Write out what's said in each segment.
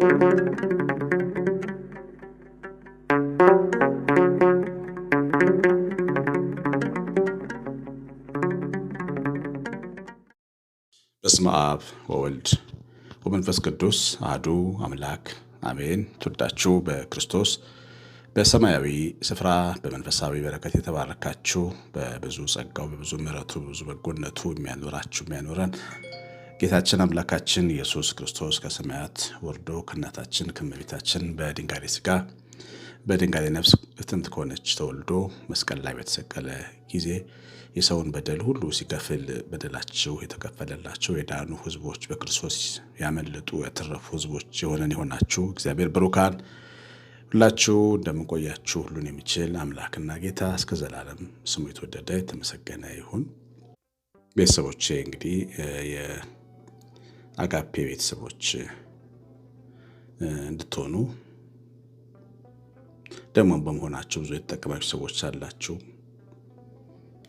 በስመ አብ ወወልድ ወመንፈስ ቅዱስ አሐዱ አምላክ አሜን። ትወዳችሁ በክርስቶስ በሰማያዊ ስፍራ በመንፈሳዊ በረከት የተባረካችሁ በብዙ ጸጋው በብዙ ምሕረቱ በብዙ በጎነቱ የሚያኖራችሁ የሚያኖረን ጌታችን አምላካችን ኢየሱስ ክርስቶስ ከሰማያት ወርዶ ከእናታችን ከመቤታችን በድንጋሌ ሥጋ በድንጋሌ ነፍስ እትንት ከሆነች ተወልዶ መስቀል ላይ በተሰቀለ ጊዜ የሰውን በደል ሁሉ ሲከፍል በደላቸው የተከፈለላቸው የዳኑ ሕዝቦች በክርስቶስ ያመለጡ ያተረፉ ሕዝቦች የሆነን የሆናችሁ እግዚአብሔር ብሩካን ሁላችሁ እንደምንቆያችሁ ሁሉን የሚችል አምላክና ጌታ እስከ ዘላለም ስሙ የተወደደ የተመሰገነ ይሁን። ቤተሰቦቼ እንግዲህ አጋፔ ቤተሰቦች እንድትሆኑ ደግሞ በመሆናቸው ብዙ የተጠቀማችሁ ሰዎች አላችሁ፣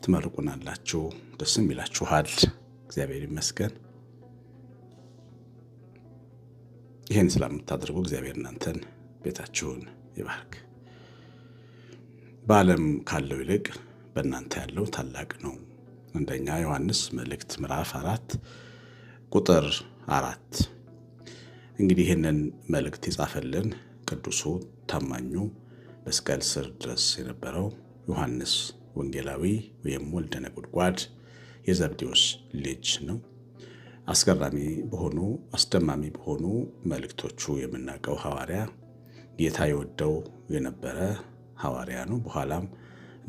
ትመርቁናላችሁ፣ ደስም ይላችኋል። እግዚአብሔር ይመስገን። ይህን ስለምታደርጉ እግዚአብሔር እናንተን ቤታችሁን ይባርክ። በዓለም ካለው ይልቅ በእናንተ ያለው ታላቅ ነው። አንደኛ ዮሐንስ መልእክት ምዕራፍ አራት ቁጥር አራት እንግዲህ ይህንን መልእክት የጻፈልን ቅዱሱ ታማኙ መስቀል ስር ድረስ የነበረው ዮሐንስ ወንጌላዊ ወይም ወልደ ነጎድጓድ የዘብዴዎስ ልጅ ነው። አስገራሚ በሆኑ አስደማሚ በሆኑ መልእክቶቹ የምናውቀው ሐዋርያ ጌታ የወደው የነበረ ሐዋርያ ነው። በኋላም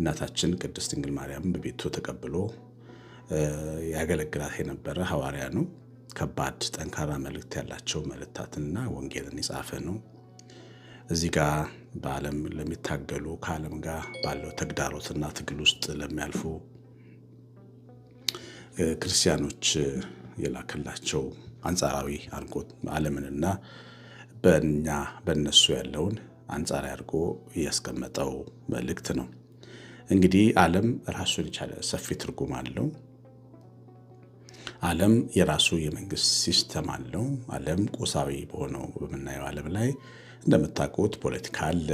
እናታችን ቅድስት ድንግል ማርያም በቤቱ ተቀብሎ ያገለግላት የነበረ ሐዋርያ ነው። ከባድ ጠንካራ መልእክት ያላቸው መልእክታትና ወንጌልን የጻፈ ነው። እዚህ ጋር በዓለም ለሚታገሉ ከዓለም ጋር ባለው ተግዳሮትና ትግል ውስጥ ለሚያልፉ ክርስቲያኖች የላከላቸው አንጻራዊ አድርጎ ዓለምንና በእኛ በእነሱ ያለውን አንጻራዊ አድርጎ ያስቀመጠው መልእክት ነው። እንግዲህ ዓለም ራሱን የቻለ ሰፊ ትርጉም አለው። ዓለም የራሱ የመንግስት ሲስተም አለው። ዓለም ቁሳዊ በሆነው በምናየው ዓለም ላይ እንደምታውቁት ፖለቲካ አለ፣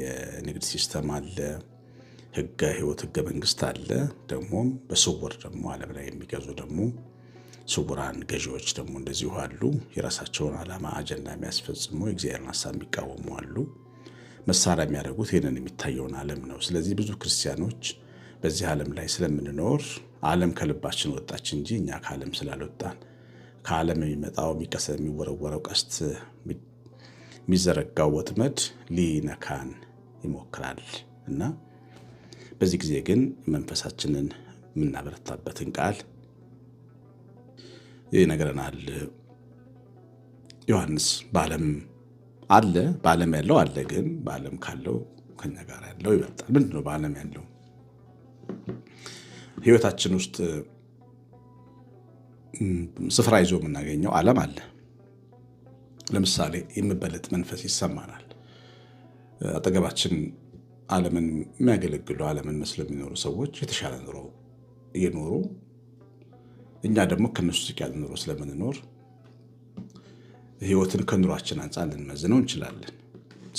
የንግድ ሲስተም አለ፣ ህገ ህይወት ህገ መንግስት አለ። ደግሞም በስውር ደግሞ ዓለም ላይ የሚገዙ ደግሞ ስውራን ገዢዎች ደግሞ እንደዚሁ አሉ። የራሳቸውን ዓላማ አጀንዳ የሚያስፈጽሙ የእግዚአብሔርን ሀሳብ የሚቃወሙ አሉ። መሳሪያ የሚያደርጉት ይህንን የሚታየውን ዓለም ነው። ስለዚህ ብዙ ክርስቲያኖች በዚህ ዓለም ላይ ስለምንኖር ዓለም ከልባችን ወጣች እንጂ እኛ ከዓለም ስላልወጣን ከዓለም የሚመጣው የሚቀሰ የሚወረወረው ቀስት፣ የሚዘረጋው ወጥመድ ሊነካን ይሞክራል እና በዚህ ጊዜ ግን መንፈሳችንን የምናበረታበትን ቃል ይነግረናል ዮሐንስ። በዓለም አለ በዓለም ያለው አለ፣ ግን በዓለም ካለው ከኛ ጋር ያለው ይበልጣል። ምንድነው በዓለም ያለው? ህይወታችን ውስጥ ስፍራ ይዞ የምናገኘው ዓለም አለ። ለምሳሌ የምበለጥ መንፈስ ይሰማናል። አጠገባችን ዓለምን የሚያገለግሉ ዓለምን መስለው የሚኖሩ ሰዎች የተሻለ ኑሮ እየኖሩ እኛ ደግሞ ከነሱ ዝቅ ያለ ኑሮ ስለምንኖር ህይወትን ከኑሯችን አንጻር ልንመዝነው እንችላለን።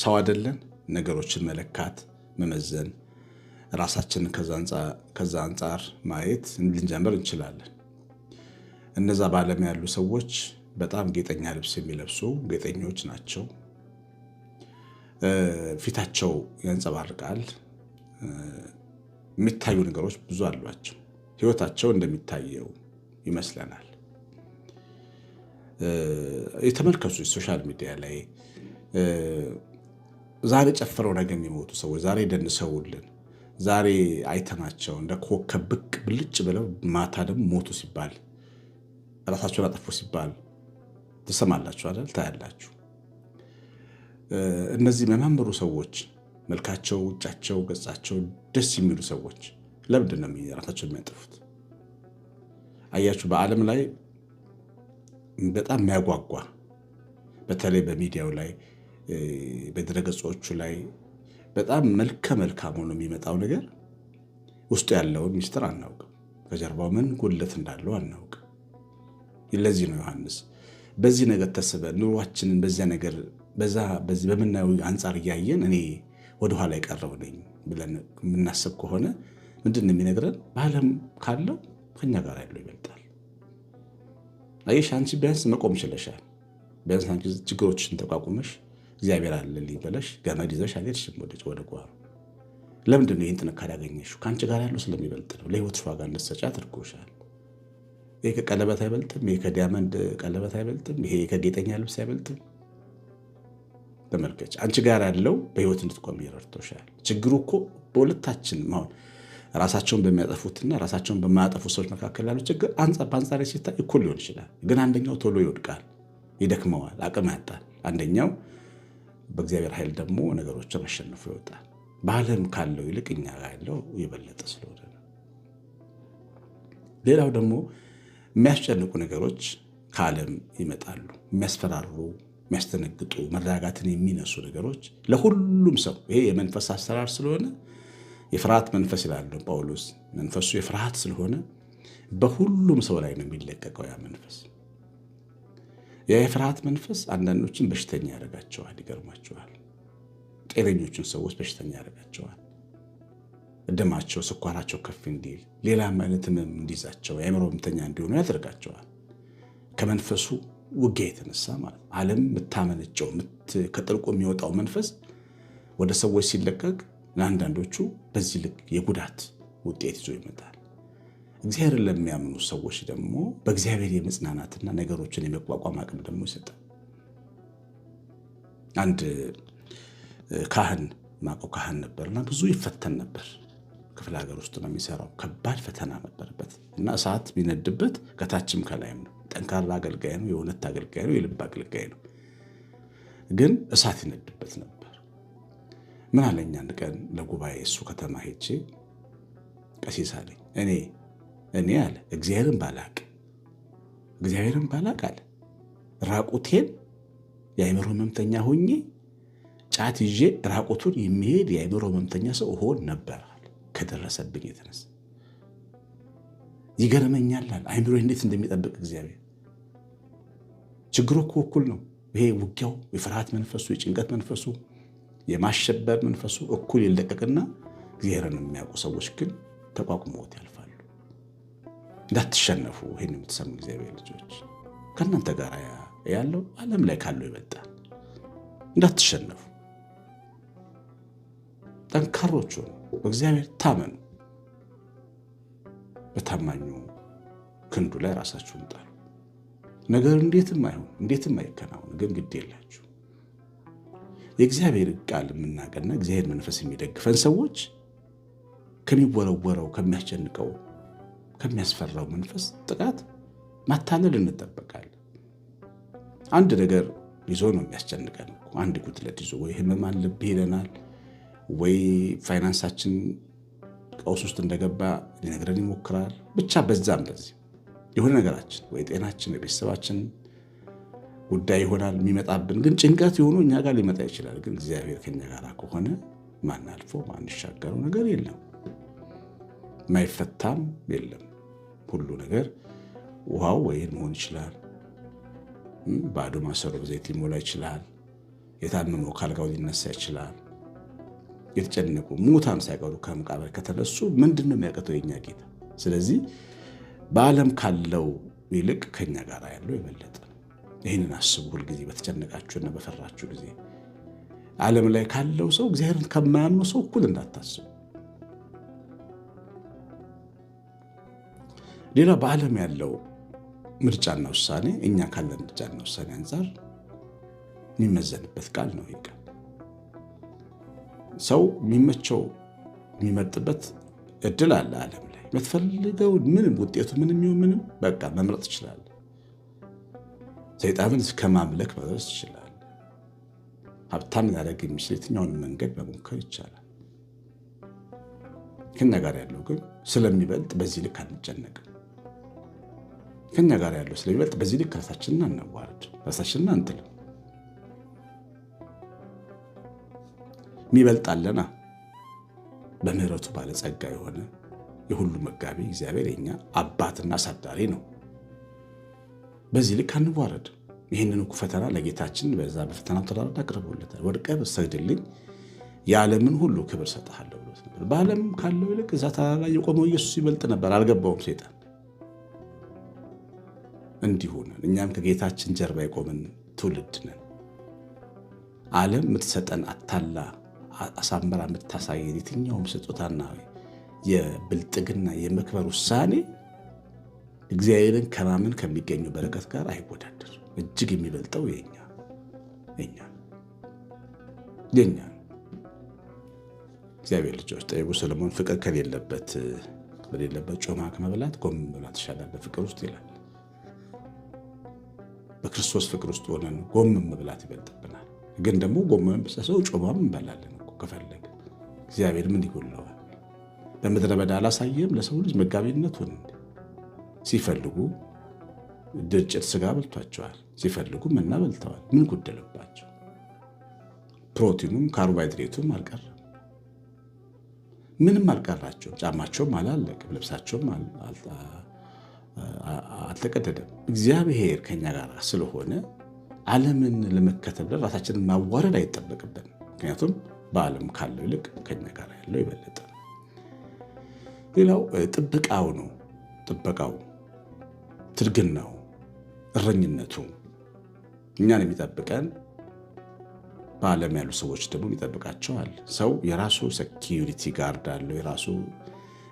ሰው አይደለን? ነገሮችን መለካት መመዘን ራሳችንን ከዛ አንጻር ማየት ልንጀምር እንችላለን። እነዛ በዓለም ያሉ ሰዎች በጣም ጌጠኛ ልብስ የሚለብሱ ጌጠኞች ናቸው። ፊታቸው ያንጸባርቃል። የሚታዩ ነገሮች ብዙ አሏቸው። ህይወታቸው እንደሚታየው ይመስለናል። የተመልከቱ ሶሻል ሚዲያ ላይ ዛሬ ጨፍረው ነገ የሚሞቱ ሰዎች ዛሬ ደንሰውልን ዛሬ አይተናቸው እንደ ኮከብ ብቅ ብልጭ ብለው ማታ ደግሞ ሞቱ ሲባል ራሳቸውን አጠፉ ሲባል ትሰማላችሁ አይደል? ታያላችሁ። እነዚህ የሚያማምሩ ሰዎች መልካቸው፣ ውጫቸው፣ ገጻቸው ደስ የሚሉ ሰዎች ለምንድን ነው ራሳቸውን የሚያጠፉት? አያችሁ፣ በዓለም ላይ በጣም የሚያጓጓ በተለይ በሚዲያው ላይ በድረገጾቹ ላይ በጣም መልከ መልካም ሆኖ የሚመጣው ነገር ውስጡ ያለውን ሚስጥር አናውቅም። ከጀርባው ምን ጉለት እንዳለው አናውቅም። ለዚህ ነው ዮሐንስ በዚህ ነገር ተስበን ኑሯችንን በዚያ ነገር በምናየው አንጻር እያየን እኔ ወደኋላ የቀረው ነኝ ብለን የምናስብ ከሆነ ምንድን የሚነግረን? በዓለም ካለው ከኛ ጋር ያለው ይበልጣል። አየሽ፣ አንቺ ቢያንስ መቆም ችለሻል። ቢያንስ አንቺ ችግሮችን ተቋቁመሽ እግዚአብሔር አለልኝ ብለሽ ገመድ ይዘሽ አልሄድሽም ወደ ጓሮ። ለምንድን ነው ይህን ጥንካሬ ያገኘሽው? ከአንቺ ጋር ያለው ስለሚበልጥ ነው። ለህይወትሽ ዋጋ እንድትሰጪ አድርጎሻል። ይሄ ከቀለበት አይበልጥም፣ ይሄ ከዲያመንድ ቀለበት አይበልጥም፣ ይሄ ከጌጠኛ ልብስ አይበልጥም። ተመልከች፣ አንቺ ጋር ያለው በህይወት እንድትቆም ረድቶሻል። ችግሩ እኮ በሁለታችን ማሆን ራሳቸውን በሚያጠፉትና ራሳቸውን በማያጠፉ ሰዎች መካከል ያለው ችግር በአንጻር ሲታይ እኩል ሊሆን ይችላል። ግን አንደኛው ቶሎ ይወድቃል፣ ይደክመዋል፣ አቅም ያጣል። አንደኛው በእግዚአብሔር ኃይል ደግሞ ነገሮችን አሸንፎ ይወጣል። በዓለም ካለው ይልቅ እኛ ያለው የበለጠ ስለሆነ ነው። ሌላው ደግሞ የሚያስጨንቁ ነገሮች ከዓለም ይመጣሉ። የሚያስፈራሩ፣ የሚያስደነግጡ፣ መረጋጋትን የሚነሱ ነገሮች ለሁሉም ሰው ይሄ የመንፈስ አሰራር ስለሆነ የፍርሃት መንፈስ ይላሉ ጳውሎስ። መንፈሱ የፍርሃት ስለሆነ በሁሉም ሰው ላይ ነው የሚለቀቀው ያ መንፈስ ያ የፍርሃት መንፈስ አንዳንዶችን በሽተኛ ያደርጋቸዋል። ይገርማቸዋል። ጤነኞቹን ሰዎች በሽተኛ ያደርጋቸዋል። ደማቸው፣ ስኳራቸው ከፍ እንዲል፣ ሌላ አይነት ህመም እንዲይዛቸው፣ የአእምሮ ህመምተኛ እንዲሆኑ ያደርጋቸዋል። ከመንፈሱ ውጊያ የተነሳ ማለት ዓለም የምታመነጨው ከጥልቁ የሚወጣው መንፈስ ወደ ሰዎች ሲለቀቅ ለአንዳንዶቹ በዚህ ልክ የጉዳት ውጤት ይዞ ይመጣል። እግዚአብሔር ለሚያምኑ ሰዎች ደግሞ በእግዚአብሔር የመጽናናትና ነገሮችን የመቋቋም አቅም ደግሞ ይሰጣል። አንድ ካህን ማቀው ካህን ነበርና ብዙ ይፈተን ነበር። ክፍለ ሀገር ውስጥ ነው የሚሰራው። ከባድ ፈተና ነበርበት እና እሳት ቢነድበት ከታችም ከላይም ነው። ጠንካራ አገልጋይ ነው። የእውነት አገልጋይ ነው። የልብ አገልጋይ ነው። ግን እሳት ይነድበት ነበር። ምን አለኝ አንድ ቀን ለጉባኤ እሱ ከተማ ሄጄ ቀሲስ አለኝ እኔ እኔ አለ እግዚአብሔርን ባላቅ እግዚአብሔርን ባላቅ አለ ራቁቴን የአይምሮ ህመምተኛ ሆኜ ጫት ይዤ ራቁቱን የሚሄድ የአይምሮ ህመምተኛ ሰው እሆን ነበር ከደረሰብኝ የተነሳ ይገርመኛል። አይምሮ እንዴት እንደሚጠብቅ እግዚአብሔር። ችግሩ እኮ እኩል ነው። ይሄ ውጊያው፣ የፍርሃት መንፈሱ፣ የጭንቀት መንፈሱ፣ የማሸበር መንፈሱ እኩል ይለቀቅና እግዚአብሔርን የሚያውቁ ሰዎች ግን ተቋቁመውት ያልፋል። እንዳትሸነፉ። ይህን የምትሰሙ እግዚአብሔር ልጆች ከእናንተ ጋር ያለው ዓለም ላይ ካለው ይበልጣል። እንዳትሸነፉ፣ ጠንካሮች ሆኑ፣ በእግዚአብሔር ታመኑ፣ በታማኙ ክንዱ ላይ ራሳችሁን ጣሉ። ነገር እንዴትም አይሆን እንዴትም አይከናወን፣ ግን ግድ የላችሁ የእግዚአብሔር ቃል የምናቀና እግዚአብሔር መንፈስ የሚደግፈን ሰዎች ከሚወረወረው ከሚያስጨንቀው ከሚያስፈራው መንፈስ ጥቃት ማታለል እንጠበቃለን። አንድ ነገር ይዞ ነው የሚያስጨንቀን። አንድ ጉድለት ይዞ ወይ ህመማን ልብ ይለናል፣ ወይ ፋይናንሳችን ቀውስ ውስጥ እንደገባ ሊነግረን ይሞክራል። ብቻ በዛም በዚህ የሆነ ነገራችን ወይ ጤናችን የቤተሰባችን ጉዳይ ይሆናል የሚመጣብን። ግን ጭንቀት የሆኑ እኛ ጋር ሊመጣ ይችላል። ግን እግዚአብሔር ከኛ ጋር ከሆነ ማናልፎ ማንሻገረው ነገር የለም፣ ማይፈታም የለም። ሁሉ ነገር ውሃው ወይን መሆን ይችላል። ባዶ ማሰሮ ዘይት ሊሞላ ይችላል። የታመመው ካልጋው ሊነሳ ይችላል። የተጨነቁ ሙታን ሳይቀሩ ከመቃብር ከተነሱ ምንድን ነው የሚያቀተው የኛ ጌታ? ስለዚህ በዓለም ካለው ይልቅ ከኛ ጋር ያለው የበለጠ ይህንን አስቡ። ሁልጊዜ በተጨነቃችሁና በፈራችሁ ጊዜ ዓለም ላይ ካለው ሰው እግዚአብሔርን ከማያምኑ ሰው እኩል እንዳታስቡ። ሌላ በዓለም ያለው ምርጫና ውሳኔ እኛ ካለን ምርጫና ውሳኔ አንጻር የሚመዘንበት ቃል ነው። ይህ ቃል ሰው የሚመቸው የሚመርጥበት እድል አለ። ዓለም ላይ የምትፈልገው ምንም ውጤቱ ምንም ይሁን ምንም በቃ መምረጥ ትችላል። ሰይጣንን እስከ ማምለክ መድረስ ይችላል። ሀብታም ሊያደርግ የሚችል የትኛውን መንገድ መሞከር ይቻላል። ከኛ ጋር ያለው ግን ስለሚበልጥ በዚህ ልክ አንጨነቅም። ከኛ ጋር ያለው ስለሚበልጥ በዚህ ልክ ራሳችንን አናዋርድ፣ ራሳችንን አንጥል። ሚበልጣለና በምሕረቱ ባለጸጋ የሆነ የሁሉ መጋቢ እግዚአብሔር የኛ አባትና አሳዳሪ ነው። በዚህ ልክ አንዋረድ። ይህንን ፈተና ለጌታችን በዛ በፈተና ተራራ አቅርቦለታል። ወድቀህ ብትሰግድልኝ የዓለምን ሁሉ ክብር ሰጥሃለሁ ብሎት ነበር። በዓለም ካለው ይልቅ እዛ ተራራ ላይ የቆመው ኢየሱስ ይበልጥ ነበር። አልገባውም ሴጣን እንዲሁን እኛም ከጌታችን ጀርባ የቆምን ትውልድ ነን። ዓለም የምትሰጠን አታላ አሳምራ የምታሳየን የትኛውም ስጦታና የብልጥግና የመክበር ውሳኔ እግዚአብሔርን ከማመን ከሚገኘው በረከት ጋር አይወዳደር። እጅግ የሚበልጠው የኛ የኛ የኛ እግዚአብሔር ልጆች ጠቢቡ ሰለሞን ፍቅር ከሌለበት በሌለበት ጮማ ከመብላት ጎመን መብላት ይሻላል በፍቅር ውስጥ ይላል። በክርስቶስ ፍቅር ውስጥ ሆነን ጎመን መብላት ይበልጥብናል። ግን ደግሞ ጎመን ብቻ ጮማም እንበላለን ከፈለግ እግዚአብሔር ምን ይጎለዋል? በምድረ በዳ አላሳየም ለሰው ልጅ መጋቢነቱን። ሲፈልጉ ድርጭት ስጋ በልቷቸዋል፣ ሲፈልጉ መና በልተዋል። ምን ጎደለባቸው? ፕሮቲኑም ካርቦሃይድሬቱም አልቀረም፣ ምንም አልቀራቸውም። ጫማቸውም አላለቅም፣ ልብሳቸውም አልተቀደደም። እግዚአብሔር ከኛ ጋር ስለሆነ ዓለምን ለመከተል ራሳችንን ማዋረድ አይጠበቅብን። ምክንያቱም በዓለም ካለው ይልቅ ከኛ ጋር ያለው ይበለጠ። ሌላው ጥበቃው ነው። ጥበቃው፣ ትድግናው፣ እረኝነቱ እኛን የሚጠብቀን በዓለም ያሉ ሰዎች ደግሞ ይጠብቃቸዋል። ሰው የራሱ ሴኪዩሪቲ ጋርድ አለው፣ የራሱ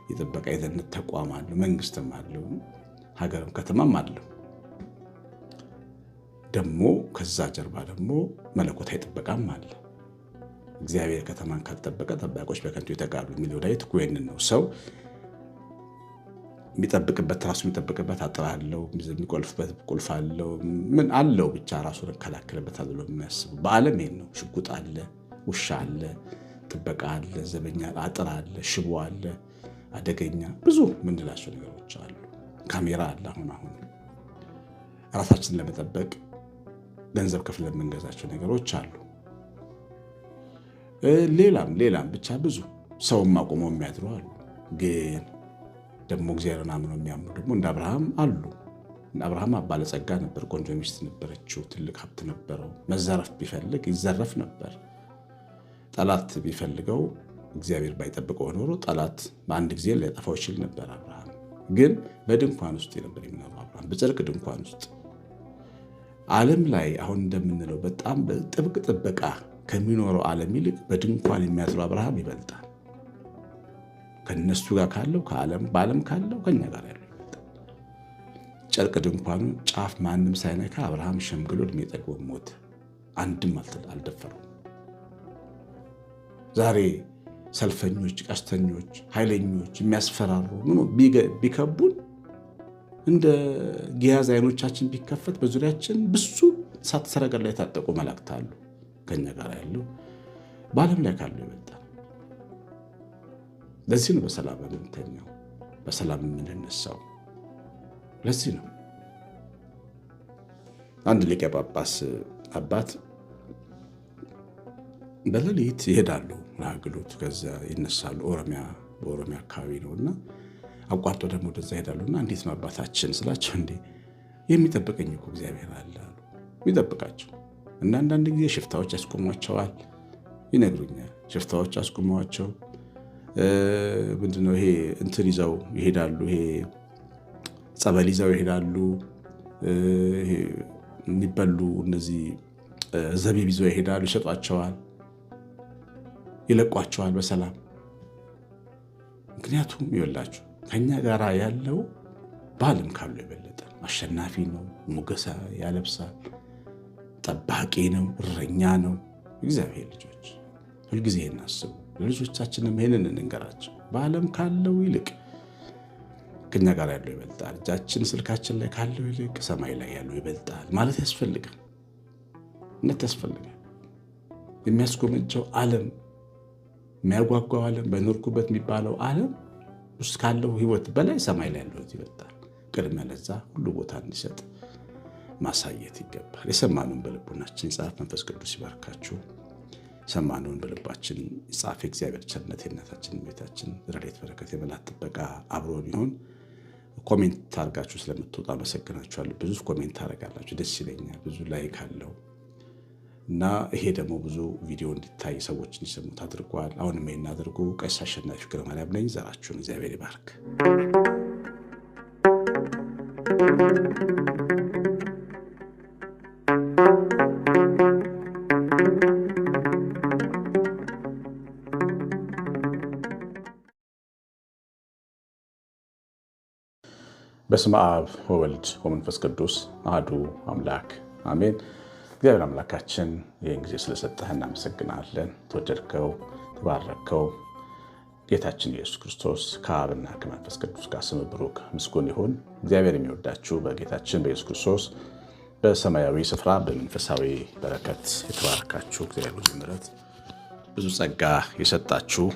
የጥበቃ የደህንነት ተቋም አለው፣ መንግስትም አለው። ሀገርም ከተማም አይደለም። ደግሞ ከዛ ጀርባ ደግሞ መለኮታዊ ጥበቃም አለ። እግዚአብሔር ከተማን ካልጠበቀ ጠባቆች በከንቱ ይተጋሉ የሚለው ላይ ትኩሬንን ነው። ሰው የሚጠብቅበት ራሱ የሚጠብቅበት አጥር አለው፣ የሚቆልፍበት ቁልፍ አለው፣ ምን አለው ብቻ ራሱን እከላከልበታል አለ የሚያስቡ በዓለም ይሄን ነው። ሽጉጥ አለ፣ ውሻ አለ፣ ጥበቃ አለ፣ ዘበኛ አጥር አለ፣ ሽቦ አለ፣ አደገኛ ብዙ ምንላቸው ነገሮች አሉ። ካሜራ አለ። አሁን አሁን ራሳችን ለመጠበቅ ገንዘብ ክፍል የምንገዛቸው ነገሮች አሉ። ሌላም ሌላም ብቻ ብዙ ሰውም አቁመው የሚያድሩ አሉ። ግን ደግሞ እግዚአብሔርን አምነው የሚያምኑ ደግሞ እንደ አብርሃም አሉ። አብርሃም ባለጸጋ ነበር። ቆንጆ ሚስት ነበረችው። ትልቅ ሀብት ነበረው። መዘረፍ ቢፈልግ ይዘረፍ ነበር። ጠላት ቢፈልገው እግዚአብሔር ባይጠብቀው ኖሮ ጠላት በአንድ ጊዜ ሊያጠፋው ይችል ነበር አብርሃም ግን በድንኳን ውስጥ የነበር የሚኖረው አብርሃም በጨርቅ ድንኳን ውስጥ ዓለም ላይ አሁን እንደምንለው በጣም ጥብቅ ጥበቃ ከሚኖረው ዓለም ይልቅ በድንኳን የሚያስለው አብርሃም ይበልጣል። ከነሱ ጋር ካለው በዓለም ካለው ከኛ ጋር ያለው ይበልጣል። ጨርቅ ድንኳኑ ጫፍ ማንም ሳይነካ አብርሃም ሸምግሎ እድሜ ጠግቦ ሞት አንድም አልደፈረው። ዛሬ ሰልፈኞች፣ ቀስተኞች፣ ኃይለኞች የሚያስፈራሩ ቢከቡን እንደ ጊያዝ አይኖቻችን ቢከፈት በዙሪያችን ብሱ እሳት ሰረገላ የታጠቁ መላእክት አሉ። ከኛ ጋር ያለው በዓለም ላይ ካለው የመጣ ለዚህ ነው በሰላም የምንተኛው፣ በሰላም የምንነሳው። ለዚህ ነው አንድ ሊቀ ጳጳስ አባት በሌሊት ይሄዳሉ ናግሉት ከዚያ ይነሳሉ። ኦሮሚያ በኦሮሚያ አካባቢ ነው እና አቋርጦ ደግሞ ወደዛ ሄዳሉ እና እንዴት ነው አባታችን ስላቸው፣ እንዴ የሚጠብቀኝ እኮ እግዚአብሔር አለ አሉ። ይጠብቃቸው እና አንዳንድ ጊዜ ሽፍታዎች ያስቆሟቸዋል፣ ይነግሩኛል። ሽፍታዎች አስቆመዋቸው ምንድነው ይሄ እንትን ይዘው ይሄዳሉ፣ ይሄ ጸበል ይዘው ይሄዳሉ፣ የሚበሉ እነዚህ ዘቢብ ይዘው ይሄዳሉ፣ ይሸጧቸዋል። ይለቋቸዋል በሰላም ምክንያቱም ይወላችሁ ከኛ ጋር ያለው በዓለም ካሉ የበለጠ አሸናፊ ነው። ሙገሳ ያለብሳል። ጠባቂ ነው። እረኛ ነው። እግዚአብሔር ልጆች ሁልጊዜ እናስቡ። ለልጆቻችንም ይህንን እንንገራቸው። በዓለም ካለው ይልቅ ከኛ ጋር ያለው ይበልጣል። እጃችን ስልካችን ላይ ካለው ይልቅ ሰማይ ላይ ያለው ይበልጣል ማለት ያስፈልጋል። እነት ያስፈልጋል የሚያስጎመጀው ዓለም የሚያጓጓው ዓለም በኖርኩበት የሚባለው ዓለም ውስጥ ካለው ህይወት በላይ ሰማይ ላይ ያለው ይበልጣል። ቅድሚያ ለዛ ሁሉ ቦታ እንዲሰጥ ማሳየት ይገባል። የሰማነውን በልቡናችን ጻፍ። መንፈስ ቅዱስ ይባርካችሁ። ሰማነውን በልባችን ጻፍ። የእግዚአብሔር ቸርነት የእናታችን ቤታችን ረድኤት በረከት የመላት ጥበቃ አብሮ ቢሆን ኮሜንት አድርጋችሁ ስለምትወጡ አመሰግናችኋለሁ። ብዙ ኮሜንት ታደርጋላችሁ፣ ደስ ይለኛል። ብዙ ላይክ አለው እና ይሄ ደግሞ ብዙ ቪዲዮ እንዲታይ ሰዎች እንዲሰሙት አድርጓል። አሁንም ይሄን አድርጉ። ቀሲስ አሸናፊ ገብረማርያም ነኝ። ዘራችሁን እግዚአብሔር ይባርክ። በስመ አብ ወወልድ ወመንፈስ ቅዱስ አሐዱ አምላክ አሜን። እግዚአብሔር አምላካችን ይህን ጊዜ ስለሰጠህ እናመሰግናለን። ተወደድከው፣ ተባረከው። ጌታችን ኢየሱስ ክርስቶስ ከአብና ከመንፈስ ቅዱስ ጋር ስም ብሩክ ምስጉን ይሁን። እግዚአብሔር የሚወዳችሁ በጌታችን በኢየሱስ ክርስቶስ በሰማያዊ ስፍራ በመንፈሳዊ በረከት የተባረካችሁ እግዚአብሔር ምሕረት ብዙ ጸጋ የሰጣችሁ